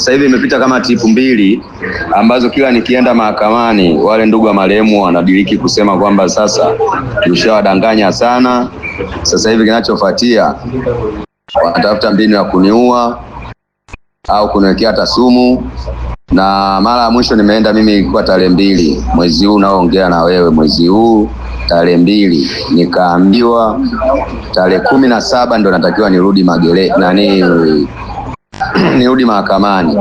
Sasa hivi imepita kama tipu mbili ambazo kila nikienda mahakamani wale ndugu wa marehemu wanadiriki kusema kwamba sasa nishawadanganya sana. Sasa hivi kinachofuatia wanatafuta mbinu ya kuniua au kuniwekea hata sumu. Na mara ya mwisho nimeenda mimi ilikuwa tarehe mbili mwezi huu naoongea na wewe, mwezi huu tarehe mbili nikaambiwa tarehe kumi na saba ndo natakiwa nirudi magere nani nirudi mahakamani.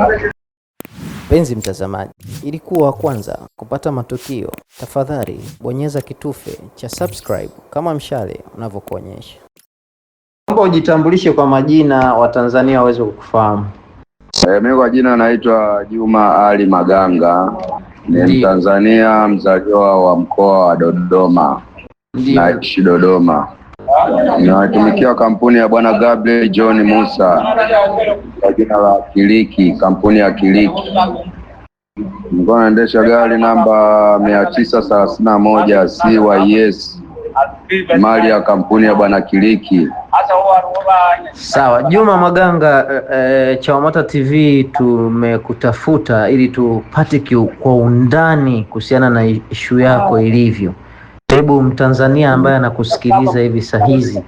Mpenzi mtazamaji, ili kuwa wa kwanza kupata matukio, tafadhali bonyeza kitufe cha subscribe kama mshale unavyokuonyesha. Naomba ujitambulishe kwa majina, Watanzania waweze kukufahamu. E, mimi kwa jina naitwa Juma Ali Maganga, ni Mtanzania mzaliwa wa mkoa wa Dodoma, naishi Dodoma inawatumikiwa kampuni ya Bwana Gabriel John Musa kwa jina la Kiliki, kampuni ya Kiliki mlikuwa naendesha gari namba mia tisa thelathini na moja CYS mali ya kampuni ya Bwana Kiliki. Sawa, Juma Maganga, e, Chawamata TV tumekutafuta ili tupate kwa undani kuhusiana na ishu yako ilivyo. Hebu Mtanzania ambaye anakusikiliza hivi saa hizi,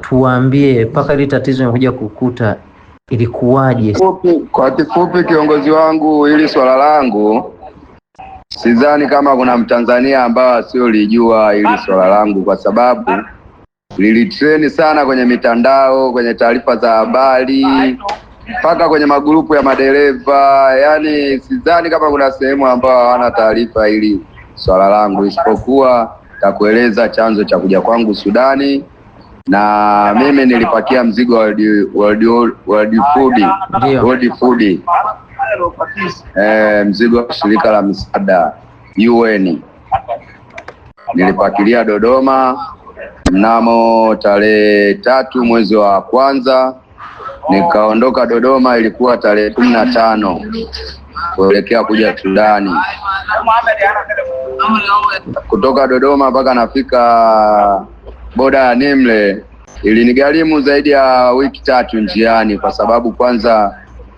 tuwaambie mpaka hili tatizo limekuja kukuta ilikuwaje? Kwa kifupi, kiongozi wangu, hili swala langu sidhani kama kuna Mtanzania ambaye asiolijua hili swala langu, kwa sababu lilitreni sana kwenye mitandao, kwenye taarifa za habari, mpaka kwenye magrupu ya madereva. yani sidhani kama kuna sehemu ambayo hawana taarifa hili swala langu, isipokuwa takueleza chanzo cha kuja kwangu Sudani na mimi nilipakia mzigo wa World Food eh, mzigo wa shirika la misaada UN nilipakilia Dodoma mnamo tarehe tatu mwezi wa kwanza, nikaondoka Dodoma ilikuwa tarehe kumi na tano kuelekea kuja Sudani. Kutoka Dodoma mpaka nafika boda ya Nimle ilinigharimu zaidi ya wiki tatu njiani, kwa sababu kwanza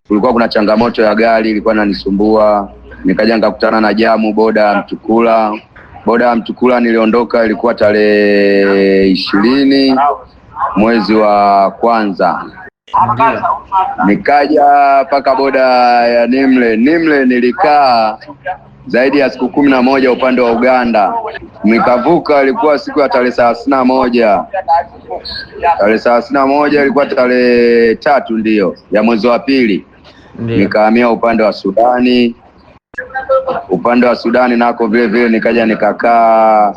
kulikuwa kuna changamoto ya gari ilikuwa inanisumbua. Nikaja nikakutana na jamu boda ya Mtukula. Boda ya Mtukula niliondoka ilikuwa tarehe ishirini mwezi wa kwanza Nikaja mpaka boda ya Nimle. Nimle nilikaa zaidi ya siku kumi na moja upande wa Uganda, nikavuka. Ilikuwa siku ya tarehe thelathini na moja tarehe thelathini na moja ilikuwa tarehe tatu ndiyo ya mwezi wa pili, nikahamia upande wa Sudani. Upande wa Sudani nako vile vile nikaja nikakaa,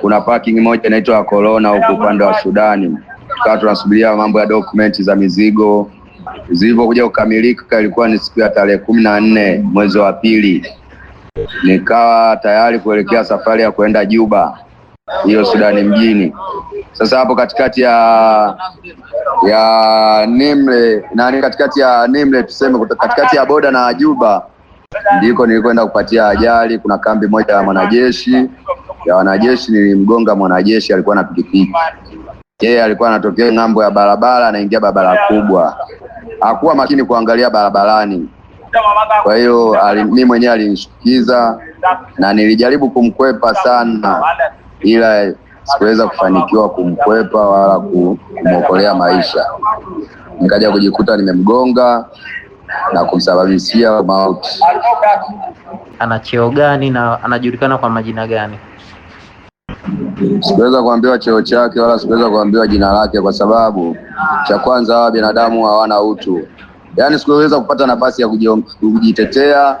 kuna parking moja inaitwa Corona huku upande wa Sudani tukawa tunasubiria mambo ya dokumenti za mizigo. Zilivyokuja kukamilika ilikuwa ni siku ya tarehe kumi na nne mwezi wa pili, nikawa tayari kuelekea safari ya kwenda Juba hiyo Sudani mjini. Sasa hapo katikati ya ya Nimle na katikati ya Nimle tuseme, katikati ya boda na Juba ndiko nilikwenda kupatia ajali. Kuna kambi moja ya mwanajeshi ya wanajeshi, nilimgonga mwanajeshi, alikuwa na pikipiki yeye alikuwa anatokea ng'ambo ya barabara anaingia barabara kubwa, hakuwa makini kuangalia barabarani. Kwa hiyo mimi mwenyewe alinishukiza na nilijaribu kumkwepa sana, ila sikuweza kufanikiwa kumkwepa wala kumwokolea maisha. Nikaja kujikuta nimemgonga na kumsababishia mauti. Ana cheo gani na anajulikana kwa majina gani? Sikuweza kuambiwa cheo chake wala sikuweza kuambiwa jina lake, kwa sababu cha kwanza hawa binadamu hawana utu, yaani sikuweza kupata nafasi ya kujitetea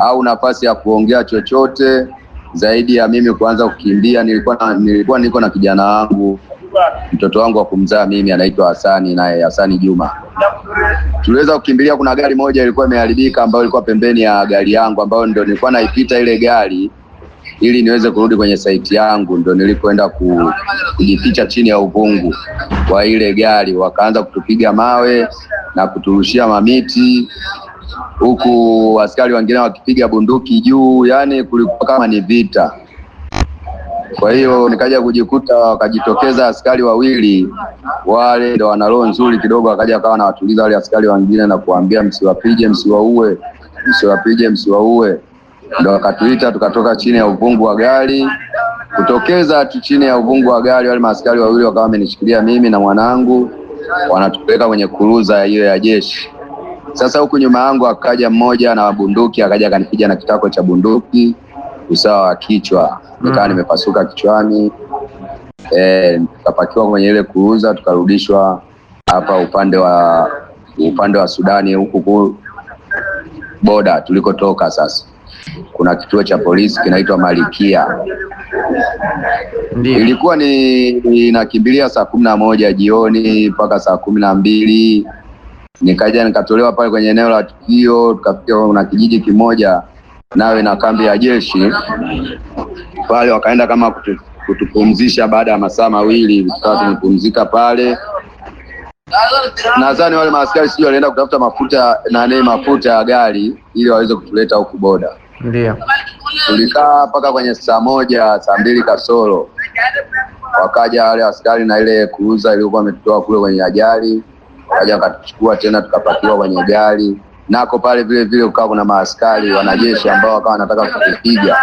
au nafasi ya kuongea chochote zaidi ya mimi kuanza kukimbia. Nilikuwa na, nilikuwa niko na kijana wangu mtoto wangu wa kumzaa mimi anaitwa Hasani, naye Hasani Juma. Tuliweza kukimbilia, kuna gari moja ilikuwa imeharibika ambayo ilikuwa pembeni ya gari yangu, ambayo ndio nilikuwa naipita ile gari ili niweze kurudi kwenye saiti yangu, ndo nilipoenda kujificha chini ya uvungu wa ile gari. Wakaanza kutupiga mawe na kuturushia mamiti, huku askari wengine wakipiga bunduki juu, yani kulikuwa kama ni vita. Kwa hiyo nikaja kujikuta, wakajitokeza askari wawili wale, ndo wana roho nzuri kidogo, wakaja wakawa nawatuliza wale askari wengine na kuambia msiwapige, msiwaue, msiwapige, msiwaue ndo wakatuita tukatoka chini ya uvungu wa gari. Kutokeza tu chini ya uvungu wa gari, wale maaskari wawili wakawa wamenishikilia mimi na mwanangu, wanatupeleka kwenye kuruza hiyo ya jeshi. Sasa huku nyuma yangu akaja mmoja na bunduki, akaja akanipiga na kitako cha bunduki usawa wa kichwa, nikaa mm. nimepasuka kichwani. Eh, tukapakiwa kwenye ile kuruza tukarudishwa hapa upande wa upande wa Sudani huku boda tulikotoka sasa kuna kituo cha polisi kinaitwa Malikia. Ndiyo. Ilikuwa ni nakimbilia saa kumi na moja jioni mpaka saa kumi na mbili nikaja nikatolewa pale kwenye eneo la tukio, tukafikia kuna kijiji kimoja nawe na kambi ya jeshi pale, wakaenda kama kutu, kutupumzisha baada ya masaa mawili tukawa tumepumzika pale. Nadhani wale maaskari sijui walienda kutafuta mafuta nani mafuta ya gari ili waweze kutuleta huku boda ndio. Tulikaa mpaka kwenye saa moja saa mbili kasoro, wakaja wale askari na ile kuuza iliyokuwa ametutoa kule kwenye ajali, wakaja wakatuchukua tena, tukapakiwa kwenye gari nako pale vile vile ukawa kuna maaskari wanajeshi ambao wakawa wanataka kutupiga,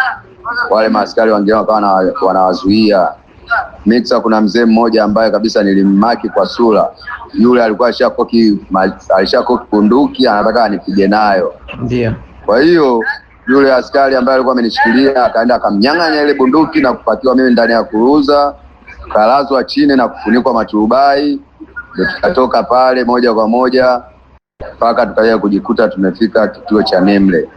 wale maaskari wengine wakawa wanawazuia mixa. Kuna mzee mmoja ambaye kabisa nilimmaki kwa sura, yule alikuwa alishakoki bunduki anataka anipige nayo, ndio kwa hiyo yule askari ambaye alikuwa amenishikilia akaenda akamnyang'anya ile bunduki na kupatiwa mimi ndani ya kuruza, kalazwa chini na kufunikwa maturubai. Ndio tukatoka pale moja kwa moja mpaka tukaja kujikuta tumefika kituo cha Nemle.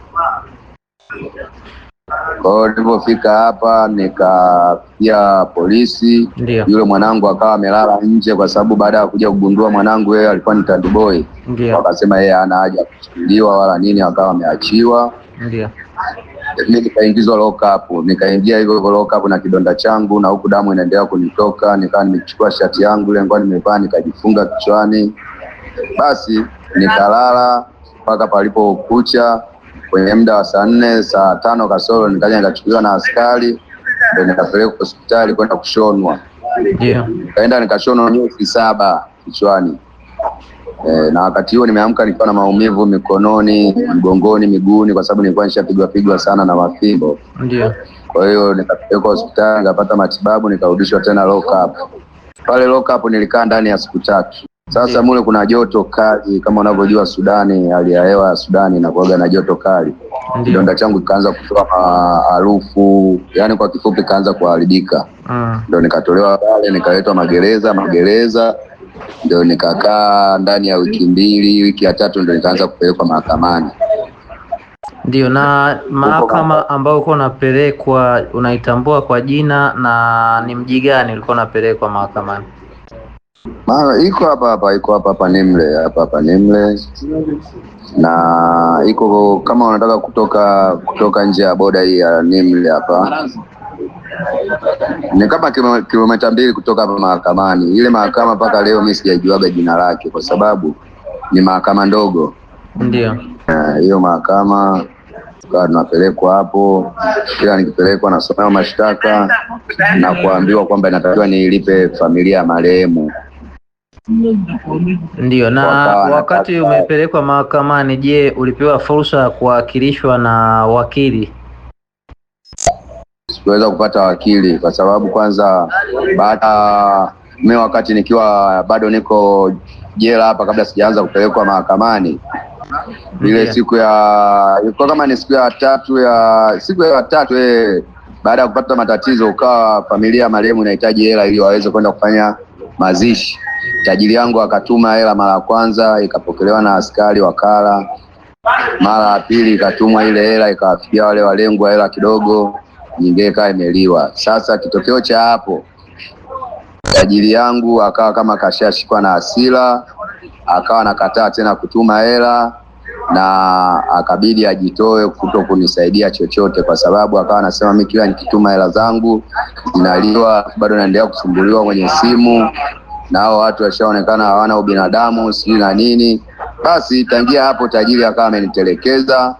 Kwa hiyo nilipofika hapa nikafikia polisi. Ndiyo. Yule mwanangu akawa amelala nje, kwa sababu baada ya kuja kugundua mwanangu yeye alikuwa ni tandiboi, wakasema yeye hana haja kuchukuliwa wala nini, akawa ameachiwa. Ndiyo mi nikaingizwa lockup, nikaingia hivyo hivyo lockup na kidonda changu, na huku damu inaendelea kunitoka. Nikawa nimechukua shati yangu ile ambayo nimevaa nikajifunga kichwani, basi nikalala mpaka palipokucha. Kwenye muda wa saa nne saa tano kasoro nikaja nikachukuliwa na askari, ndio nikapelekwa hospitali kwenda kushonwa yeah. Nikaenda nikashonwa nyuzi saba kichwani E, na wakati huo nimeamka nikiwa na maumivu mikononi, mgongoni, miguuni kwa sababu nilikuwa nishapigwa pigwa sana na mafimbo. Ndio. Kwa hiyo nikapelekwa hospitali nikapata matibabu nikarudishwa tena lock up. Pale lock up nilikaa ndani ya siku tatu. Sasa mule kuna joto kali kama unavyojua Sudani, hali ya hewa ya Sudani inakuwaga na joto kali. Kidonda changu kikaanza kutoa harufu, yani kwa kifupi kaanza kuharibika. Ah. Ndio nikatolewa pale nikaletwa magereza, magereza ndio nikakaa ndani ya wiki mbili, wiki ya tatu ndio nikaanza kupelekwa mahakamani. Ndio. Na mahakama ambayo ulikuwa unapelekwa unaitambua kwa jina na ni mji gani ulikuwa unapelekwa mahakamani? Ma, iko hapa hapa, iko hapa hapa Nimle, hapa hapa Nimle, na iko kama unataka kutoka kutoka nje ya boda hii ya Nimle hapa ni kama kilomita mbili kutoka hapa mahakamani. Ile mahakama mpaka leo mimi sijajuaga jina lake, kwa sababu ni mahakama ndogo. Ndio hiyo uh, mahakama tukawa tunapelekwa hapo, kila nikipelekwa nasomewa mashtaka na kuambiwa kwamba inatakiwa nilipe familia ya marehemu. Ndio. Na wakati umepelekwa mahakamani, je, ulipewa fursa ya kuwakilishwa na wakili? kuweza kupata wakili, kwa sababu kwanza baada mimi wakati nikiwa bado niko jela hapa, kabla sijaanza kupelekwa mahakamani ile siku ya ilikuwa kama ni siku ya tatu ya siku ya tatu eh, baada ya kupata matatizo, ukawa familia marehemu inahitaji hela ili waweze kwenda kufanya mazishi. Tajiri yangu akatuma hela mara ya kwanza, ikapokelewa na askari wakala. Mara ya pili ikatumwa ile hela, ikawafikia wale walengwa hela kidogo nyingine ikawa imeliwa. Sasa kitokeo cha hapo, tajiri yangu akawa kama kashashikwa na hasira, akawa anakataa tena kutuma hela na akabidi ajitoe kuto kunisaidia chochote, kwa sababu akawa anasema mimi kila nikituma hela zangu inaliwa bado naendelea kusumbuliwa kwenye simu na hao watu washaonekana hawana ubinadamu sijui na nini. Basi tangia hapo tajiri akawa amenitelekeza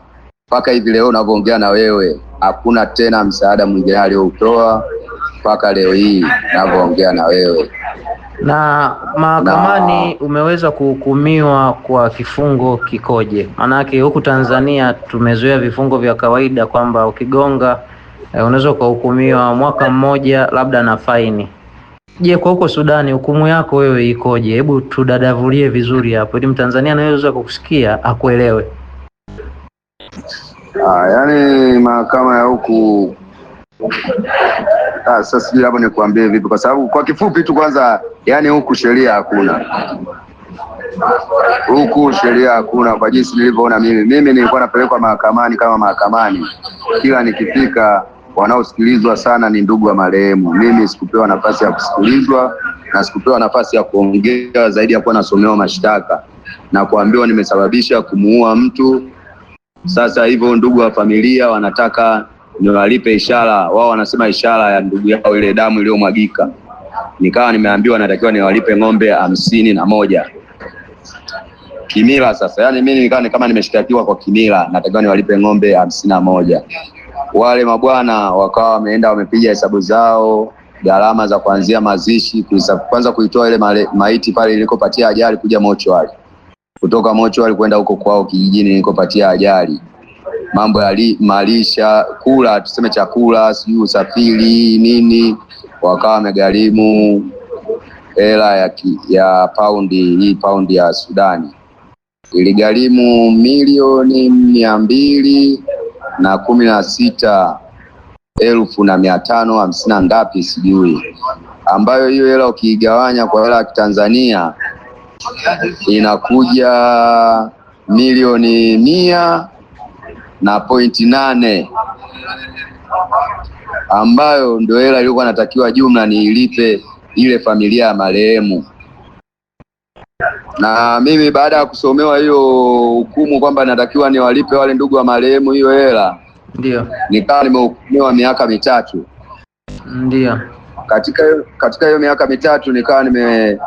mpaka hivi leo unavyoongea na wewe, hakuna tena msaada mwingine aliyoutoa mpaka leo hii unavyoongea na wewe. Na mahakamani umeweza kuhukumiwa kwa kifungo kikoje? Maanake huku Tanzania tumezoea vifungo vya kawaida kwamba ukigonga eh, unaweza ukahukumiwa mwaka mmoja labda na faini. Je, kwa huko Sudani hukumu yako wewe ikoje? Hebu tudadavulie vizuri hapo ili Mtanzania anayeweza kukusikia akuelewe. Ah, yaani mahakama ya huku ah, sasa sijui hapo nikuambie vipi, kwa sababu kwa kifupi tu kwanza, yani huku sheria hakuna, huku sheria hakuna. Kwa jinsi nilivyoona mimi, mimi nilikuwa napelekwa mahakamani kama mahakamani, kila nikifika wanaosikilizwa sana ni ndugu wa marehemu. Mimi sikupewa nafasi ya kusikilizwa na sikupewa nafasi ya kuongea zaidi ya kuwa nasomewa mashtaka na kuambiwa nimesababisha kumuua mtu sasa hivyo ndugu wa familia wanataka niwalipe ishara, wao wanasema ishara ya ndugu yao ile damu iliyomwagika. Nikawa nimeambiwa natakiwa niwalipe ng'ombe hamsini na moja kimila. Sasa yani mimi nikawa kama nimeshtakiwa kwa kimila, natakiwa niwalipe ng'ombe hamsini na moja. Wale mabwana wakawa wameenda wamepiga hesabu zao gharama za kuanzia mazishi, kwanza kuitoa ile maiti pale ilikopatia ajali kuja mochwari kutoka mochwari kwenda huko kwao kijijini nilikopatia ajali, mambo ya malisha, kula, tuseme chakula, sijui usafiri nini, wakawa wamegharimu hela ya, ya paundi hii paundi ya Sudani iligharimu milioni mia mbili na kumi na sita elfu na mia tano hamsini na ngapi sijui, ambayo hiyo hela ukiigawanya kwa hela ya Kitanzania inakuja milioni mia na pointi nane ambayo ndio hela iliyokuwa natakiwa jumla niilipe ile familia ya marehemu. Na mimi baada ya kusomewa hiyo hukumu kwamba natakiwa niwalipe wale ndugu wa marehemu hiyo hela, ndio nikawa nimehukumiwa miaka mitatu. Ndio katika hiyo katika hiyo miaka mitatu nikawa nime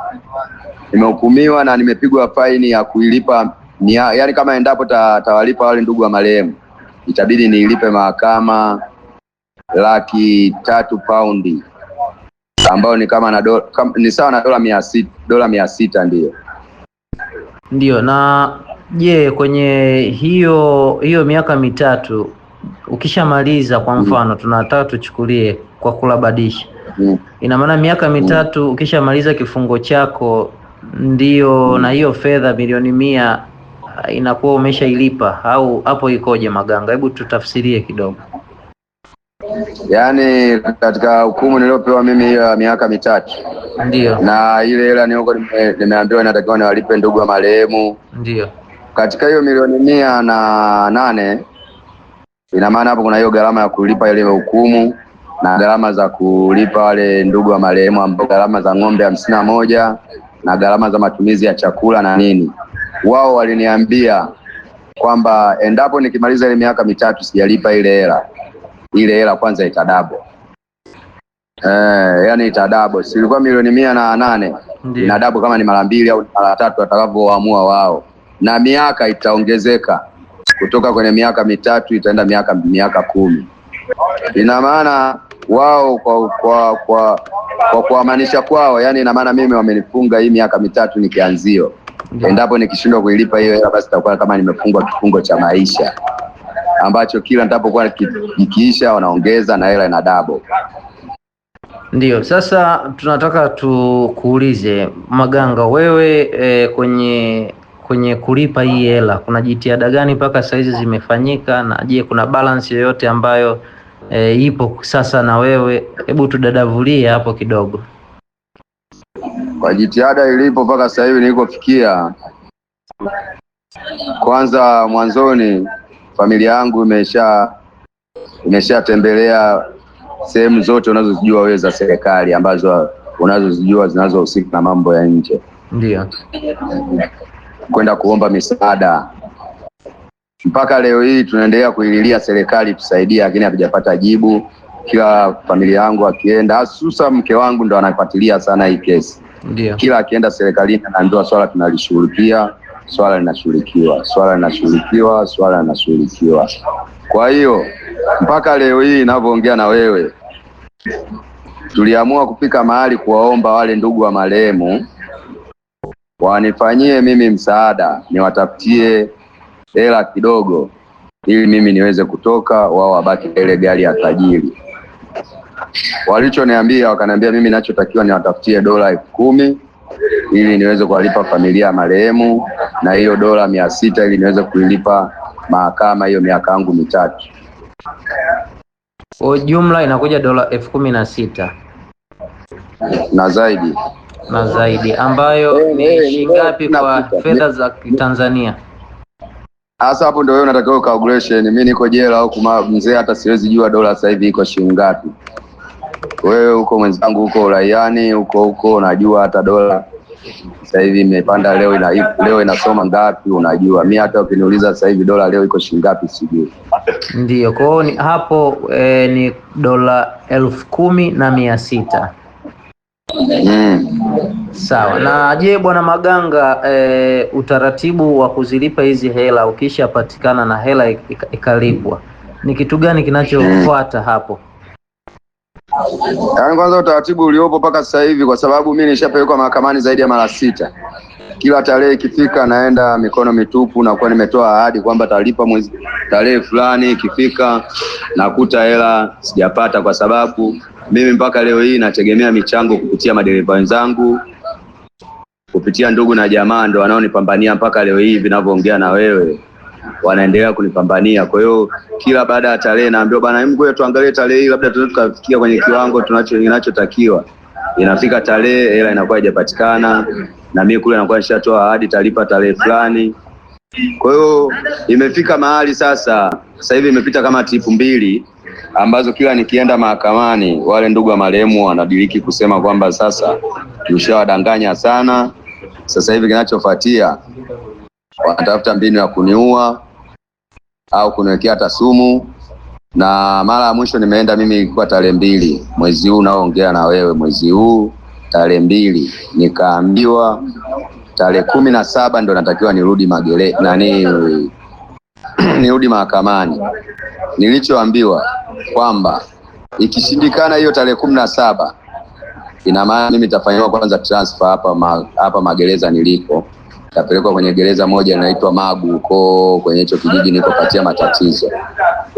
nimehukumiwa na nimepigwa faini ya kuilipa ni, yani kama endapo ta, tawalipa wale ndugu wa marehemu itabidi niilipe mahakama laki tatu paundi ambayo ni kama na do, kam, ni sawa na dola mia sita dola mia sita ndiyo ndiyo. Na je, kwenye hiyo hiyo miaka mitatu ukishamaliza, kwa mm-hmm. mfano mm. tunataka tuchukulie kwa kulabadisha mm. ina maana miaka mitatu mm. ukishamaliza kifungo chako Ndiyo. Na hiyo fedha milioni mia ah, inakuwa umeshailipa au hapo ikoje, Maganga? Hebu tutafsirie kidogo. Yaani katika hukumu niliyopewa mimi ya miaka mitatu ndio, na ile hela niko nimeambiwa inatakiwa niwalipe ndugu wa marehemu. Ndio, katika hiyo milioni mia na nane ina maana hapo kuna hiyo gharama ya kulipa ile hukumu na gharama za kulipa wale ndugu wa marehemu ambao gharama za ng'ombe hamsini na moja na gharama za matumizi ya chakula na nini. Wao waliniambia kwamba endapo nikimaliza ile miaka mitatu sijalipa ile hela, ile hela kwanza itadabo. Eh, yani itadabo, silikuwa milioni mia na nane ina dabo kama ni mara mbili au mara tatu atakavyoamua wao, na miaka itaongezeka kutoka kwenye miaka mitatu itaenda miaka miaka kumi. Ina maana wao kwa kwa kwa kwa kuamanisha kwao, yani ina maana mimi wamenifunga hii miaka mitatu ni kianzio. Endapo nikishindwa kuilipa hiyo hela, basi itakuwa kama nimefungwa kifungo cha maisha ambacho kila nitapokuwa ikiisha wanaongeza na hela ina double. ndio sasa tunataka tukuulize Maganga, wewe e, kwenye kwenye kulipa hii hela kuna jitihada gani mpaka saizi zimefanyika, na je, kuna balance yoyote ambayo e, ipo sasa na wewe, hebu tudadavulie hapo kidogo. Kwa jitihada ilipo mpaka sasa hivi nilikofikia, kwanza mwanzoni familia yangu imesha imeshatembelea sehemu zote unazozijua wewe za serikali ambazo unazozijua zinazohusika na mambo ya nje, ndio kwenda kuomba misaada mpaka leo hii tunaendelea kuililia serikali tusaidie, lakini hatujapata jibu. Kila familia yangu akienda, hususa mke wangu ndo anafuatilia sana hii kesi. Ndiyo. Kila akienda serikalini anaambiwa swala tunalishughulikia, swala linashughulikiwa, swala linashughulikiwa, swala linashughulikiwa. Kwa hiyo mpaka leo hii ninavyoongea na wewe, tuliamua kupika mahali kuwaomba wale ndugu wa marehemu wanifanyie mimi msaada, niwatafutie hela kidogo, ili mimi niweze kutoka, wao wabaki ile gari ya tajiri. Walichoniambia, wakaniambia mimi ninachotakiwa niwatafutie dola elfu kumi ili niweze kuwalipa familia ya marehemu na hiyo dola mia sita ili niweze kuilipa mahakama hiyo miaka yangu mitatu. Kwa jumla inakuja dola elfu kumi na sita na zaidi na zaidi, ambayo eh, ni eh, shilingi ngapi kwa fedha za Kitanzania? Sasa hapo ndio wewe unatakiwa calculation. Mimi niko jela huku mzee, hata siwezi jua dola sasa hivi iko shilingi ngapi. Wewe huko mwenzangu, huko uraiani huko huko, unajua hata dola sasa hivi imepanda leo ina, leo inasoma ngapi? Unajua mi hata ukiniuliza sasa hivi dola leo iko shilingi ngapi sijui. Ndio kwao hapo e, ni dola elfu kumi na mia sita. Mm. Sawa. Na je, Bwana Maganga e, utaratibu wa kuzilipa hizi hela ukishapatikana na hela ikalipwa ni kitu gani kinachofuata hapo? Yaani, kwanza utaratibu uliopo mpaka sasa hivi, kwa sababu mimi nishapelekwa mahakamani zaidi ya mara sita, kila tarehe ikifika naenda mikono mitupu, nakuwa nimetoa ahadi kwamba talipa mwezi tarehe fulani, ikifika nakuta hela sijapata, kwa sababu mimi mpaka leo hii nategemea michango kupitia madereva wenzangu, kupitia ndugu na jamaa, ndo wanaonipambania mpaka leo hii vinavyoongea na wewe, wanaendelea kunipambania. Kwa hiyo kila baada ya tarehe naambiwa bana, mgoe tuangalie tarehe hii, labda tunaweza tukafikia kwenye kiwango tunacho kinachotakiwa. Inafika tarehe, hela inakuwa haijapatikana, na mimi kule nakuwa nishatoa ahadi, talipa tarehe fulani kwa hiyo imefika mahali sasa, sasa hivi imepita kama tipu mbili ambazo kila nikienda mahakamani wale ndugu wa marehemu wanadiriki kusema kwamba sasa tushawadanganya sana, sasa hivi kinachofuatia wanatafuta mbinu ya kuniua au kuniwekea hata sumu. Na mara ya mwisho nimeenda mimi ilikuwa tarehe mbili mwezi huu unaoongea na wewe, mwezi huu tarehe mbili nikaambiwa tarehe kumi na saba ndo natakiwa nirudi magere nani nirudi mahakamani. Nilichoambiwa kwamba ikishindikana hiyo tarehe kumi na saba ina maana mimi nitafanyiwa kwanza transfer hapa ma, hapa magereza niliko tapelekwa kwenye gereza moja inaitwa Magu huko kwenye hicho kijiji patia matatizo.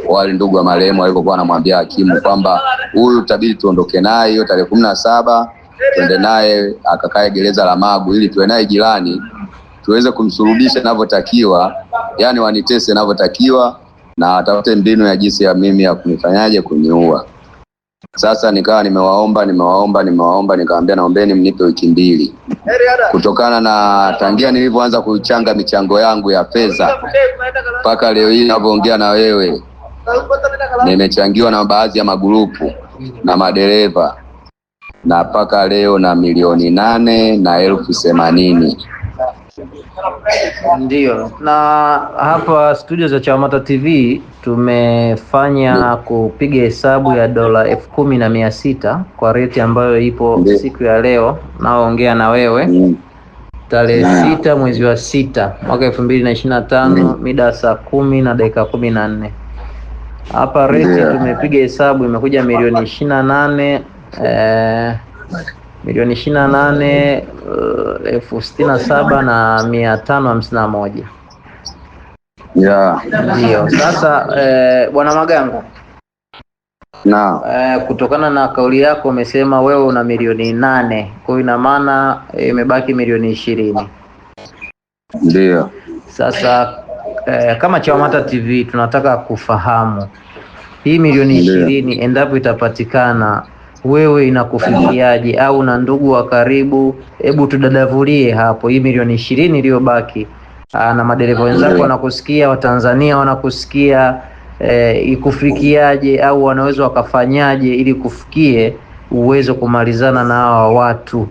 Wale ndugu wa marehemu walikokuwa wanamwambia hakimu kwamba huyu tabidi tuondoke naye hiyo tarehe kumi na saba tuende naye akakae gereza la Magu ili tuwe naye jirani, tuweze kumsurubisha inavyotakiwa, yani wanitese inavyotakiwa, na atafute mbinu ya jinsi ya mimi ya kunifanyaje kuniua. Sasa nikawa nimewaomba nimewaomba nimewaomba, nikawaambia naombeni mnipe wiki mbili, kutokana na tangia nilivyoanza kuchanga michango yangu ya fedha mpaka leo hii ninavyoongea na wewe, nimechangiwa na baadhi ya magurupu na madereva na mpaka leo na milioni nane na elfu themanini. Ndiyo, na hapa studio za Chawamata TV tumefanya kupiga hesabu ya dola elfu kumi na mia sita kwa reti ambayo ipo Ndiyo. siku ya leo naoongea na wewe tarehe sita mwezi wa sita mwaka elfu mbili na ishirini na tano mida saa kumi na dakika kumi na nne hapa reti tumepiga hesabu imekuja milioni ishirini na nane Eh, milioni ishirini na nane eh, elfu sitini na saba na mia tano hamsini na moja Ndio sasa eh, Bwana Magango na eh, kutokana na kauli yako umesema wewe una milioni nane kwa hiyo ina maana eh, imebaki milioni ishirini ndio sasa eh, kama CHAWAMATA TV tunataka kufahamu hii milioni ishirini endapo itapatikana wewe inakufikiaje? Au na ndugu wa karibu? Hebu tudadavulie hapo, hii milioni ishirini iliyobaki ah, na madereva wenzako wanakusikia, Watanzania wanakusikia e, ikufikiaje? Au wanaweza wakafanyaje ili kufikie uwezo kumalizana na hawa watu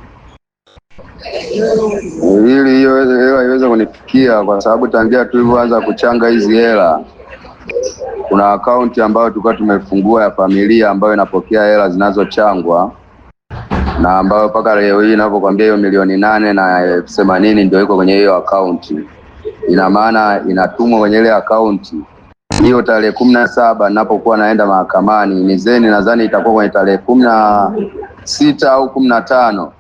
ili hiyo hela iweze kunifikia, kwa sababu tangia tulivyoanza kuchanga hizi hela kuna akaunti ambayo tulikuwa tumefungua ya familia ambayo inapokea hela zinazochangwa na ambayo mpaka leo hii ninavyokuambia hiyo milioni nane na elfu themanini ndio iko kwenye hiyo akaunti. Ina maana inatumwa kwenye ile akaunti hiyo. Tarehe kumi na saba ninapokuwa naenda mahakamani mizeni, nadhani itakuwa kwenye tarehe kumi na sita au kumi na tano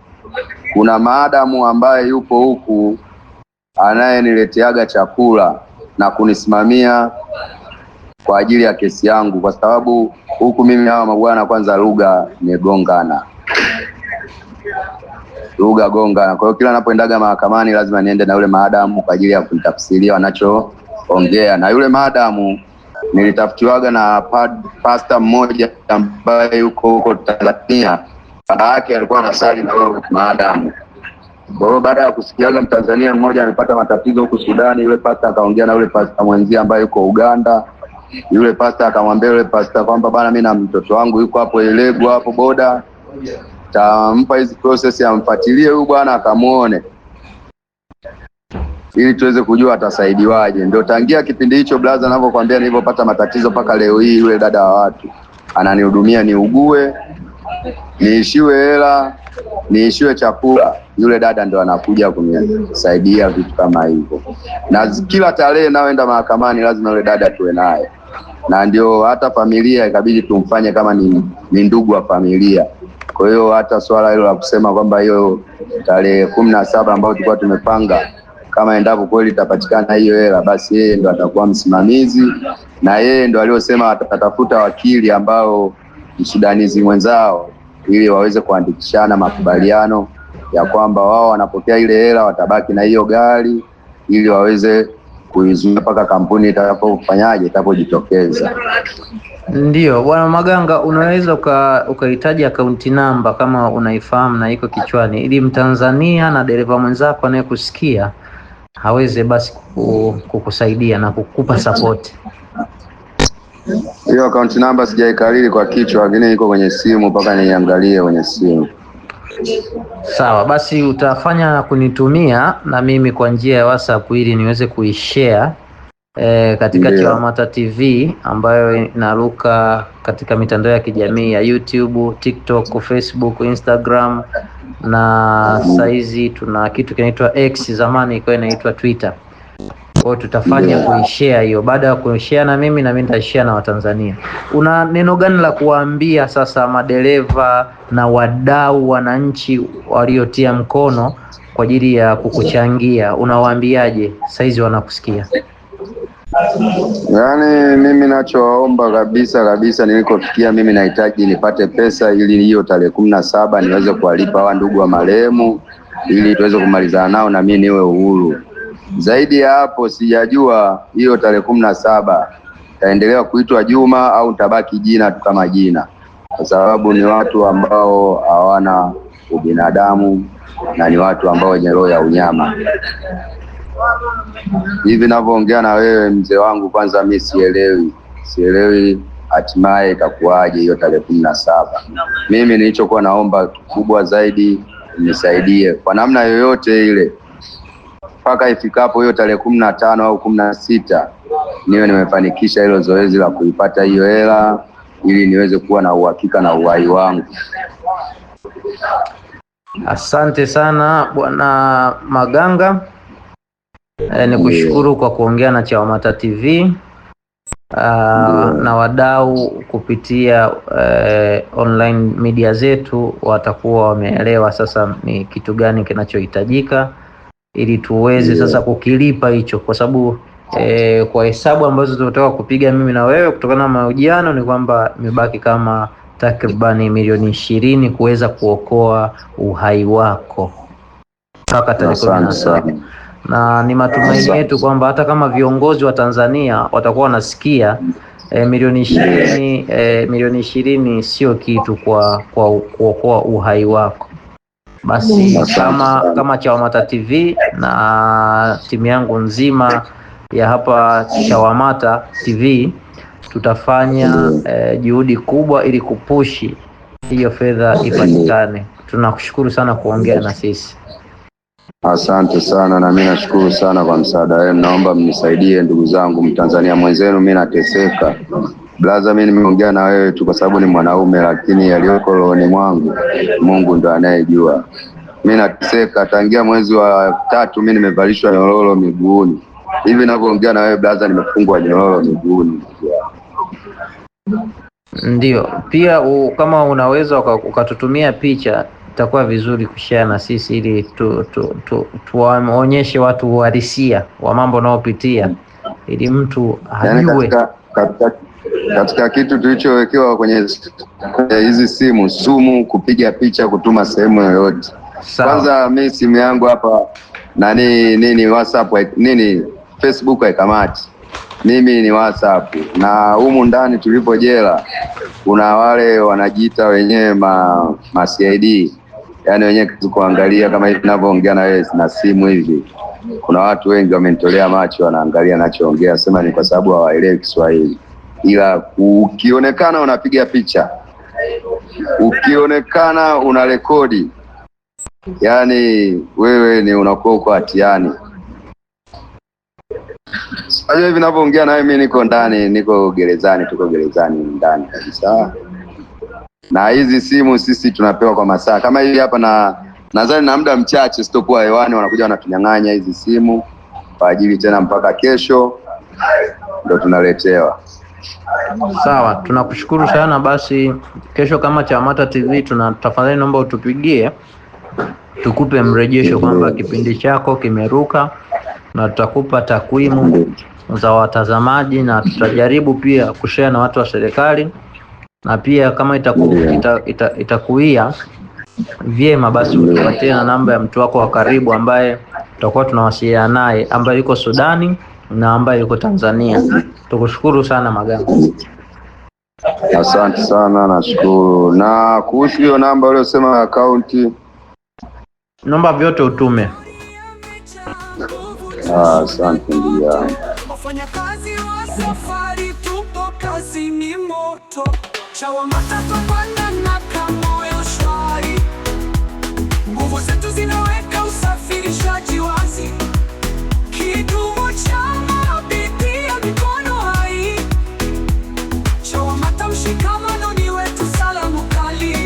kuna maadamu ambaye yupo huku anayenileteaga chakula na kunisimamia kwa ajili ya kesi yangu, kwa sababu huku mimi hawa mabwana, kwanza lugha imegongana, lugha gongana. Kwa hiyo kila anapoendaga mahakamani lazima niende na yule maadamu kwa ajili ya kunitafsiria wanachoongea, na yule maadamu nilitafutiwaga na pad, pasta mmoja ambaye yuko huko Tanzania, baba yake alikuwa anasali na wao maadamu. Kwa hiyo baada ya kusikiaga Mtanzania mmoja amepata matatizo huku Sudani, yule pasta akaongea na yule pasta mwenzie ambaye yuko Uganda yule pasta akamwambia yule pasta kwamba bana, mimi na mtoto wangu yuko hapo Elegu hapo boda, tampa hizi process, amfuatilie huyu bwana akamuone, ili tuweze kujua atasaidiwaje. Ndio tangia kipindi hicho blaza, navyokwambia nilivyopata matatizo mpaka leo hii, yule dada wa watu ananihudumia, niugue, niishiwe hela, niishiwe chakula, yule dada ndo anakuja kunisaidia vitu kama hivyo. Na kila tarehe naoenda mahakamani, lazima yule dada tuwe naye na ndio hata familia ikabidi tumfanye kama ni, ni ndugu wa familia. Kwa hiyo hata swala hilo la kusema kwamba hiyo tarehe kumi na saba ambayo tulikuwa tumepanga kama endapo kweli itapatikana hiyo hela, basi yeye ndo atakuwa msimamizi na yeye ndo aliyosema atatafuta wakili ambao msudanizi mwenzao, ili waweze kuandikishana makubaliano ya kwamba wao wanapokea ile hela, watabaki na hiyo gari ili waweze kuizuia mpaka kampuni itakapofanyaje itapojitokeza. Ndio bwana Maganga, unaweza ukahitaji akaunti namba kama unaifahamu na iko kichwani, ili Mtanzania na dereva mwenzako anayekusikia aweze basi kukusaidia na kukupa sapoti. Hiyo akaunti namba sijaikariri kwa kichwa, lakini iko kwenye simu, mpaka niiangalie kwenye simu. Sawa basi, utafanya kunitumia na mimi kwa njia ya WhatsApp ili niweze kuishare e, katika yeah. Chawamata TV ambayo inaruka katika mitandao ya kijamii ya YouTube, TikTok, Facebook, Instagram na saizi tuna kitu kinaitwa X, zamani ilikuwa inaitwa Twitter. Kwa hiyo tutafanya kuishare hiyo, baada ya kuishare na mimi na mimi nitashare na Watanzania. Una neno gani la kuwaambia sasa madereva na wadau wananchi waliotia mkono kwa ajili ya kukuchangia, unawaambiaje saizi wanakusikia? Yaani mimi nachowaomba kabisa kabisa, nilikofikia mimi nahitaji nipate pesa ili hiyo tarehe kumi na saba niweze kuwalipa hawa ndugu wa marehemu ili tuweze kumalizana nao na mimi niwe uhuru. Zaidi ya hapo sijajua hiyo tarehe kumi na saba taendelea kuitwa Juma au nitabaki jina tu kama jina, kwa sababu ni watu ambao hawana ubinadamu na ni watu ambao wenye roho ya unyama. Hivi navyoongea na wewe mzee wangu, kwanza mi sielewi, sielewi hatimaye itakuwaje hiyo tarehe kumi na saba. Mimi nilichokuwa naomba kubwa zaidi, nisaidie kwa namna yoyote ile mpaka ifikapo hiyo tarehe kumi na tano au kumi na sita niwe nimefanikisha hilo zoezi la kuipata hiyo hela ili niweze kuwa na uhakika na uhai wangu. Asante sana Bwana Maganga. E, ni kushukuru kwa kuongea na Chawamata TV aa, ah, na wadau kupitia e, online media zetu watakuwa wameelewa sasa ni kitu gani kinachohitajika ili tuweze yeah, sasa kukilipa hicho, kwa sababu e, kwa hesabu ambazo tunataka kupiga mimi na wewe kutokana na mahojiano ni kwamba imebaki kama takribani milioni ishirini kuweza kuokoa uhai wako mpaka tarehe na ni matumaini yetu kwamba hata kama viongozi wa Tanzania watakuwa wanasikia e, milioni ishirini e, milioni ishirini sio kitu kwa kuokoa kwa, uhai wako. Basi kama, kama Chawamata TV na timu yangu nzima ya hapa Chawamata TV tutafanya eh, juhudi kubwa ili kupushi hiyo fedha ipatikane. Tunakushukuru sana kuongea na sisi. Asante sana na mimi nashukuru sana kwa msaada wenu. Naomba mnisaidie ndugu zangu, Mtanzania mwenzenu, mimi nateseka. Blaza, mimi nimeongea na wewe tu kwa sababu ni mwanaume, lakini yaliyoko rohoni mwangu Mungu ndo anayejua. Mimi nateseka tangia mwezi wa tatu, mimi nimevalishwa nyororo miguuni. Hivi ninavyoongea na wewe blaza, nimefungwa nyororo miguuni. Ndio pia u, kama unaweza ukatutumia picha itakuwa vizuri kushare na sisi ili tuwaonyeshe tu, tu, tu, watu uhalisia wa mambo unaopitia ili mtu yaani ajue katika, katika katika kitu tulichowekewa kwenye hizi simu sumu, kupiga picha, kutuma sehemu yoyote. Kwanza mi simu yangu hapa nani nini, WhatsApp nini, Facebook haikamati mimi ni WhatsApp na humu ndani tulipo jela, kuna wale wanajiita wenyewe ma, ma CID yani wenyewe kuangalia kama hivi ninavyoongea na wewe na simu hivi. Kuna watu wengi wamenitolea macho, wanaangalia nachoongea, sema ni kwa sababu hawaelewi Kiswahili ila ukionekana unapiga picha, ukionekana una rekodi, yaani wewe ni unakuwa uko hatiani. Sasa hivi ninapoongea nawe mimi niko ndani, niko gerezani, tuko gerezani ndani kabisa, na hizi simu sisi tunapewa kwa masaa kama hivi hapa, na nadhani na muda mchache sitokuwa hewani, wanakuja wanatunyang'anya hizi simu kwa ajili tena mpaka kesho ndo tunaletewa. Sawa, tunakushukuru sana. Basi kesho kama Chamata TV tuna, tafadhali naomba utupigie tukupe mrejesho kwamba kipindi chako kimeruka, na tutakupa takwimu za watazamaji na tutajaribu pia kushare na watu wa serikali, na pia kama itakuia ita, ita, itakuia vyema, basi utupatie na namba ya mtu wako wa karibu ambaye tutakuwa tunawasiliana naye ambaye yuko Sudani na ambaye yuko Tanzania. Tukushukuru sana Maganga, asante sana, nashukuru. Na kuhusu hiyo namba uliosema akaunti, namba vyote utume. Asante ndugu yangu. Wafanyakazi wa safari, tupo kazi ni moto na kamoyo nguvu zetu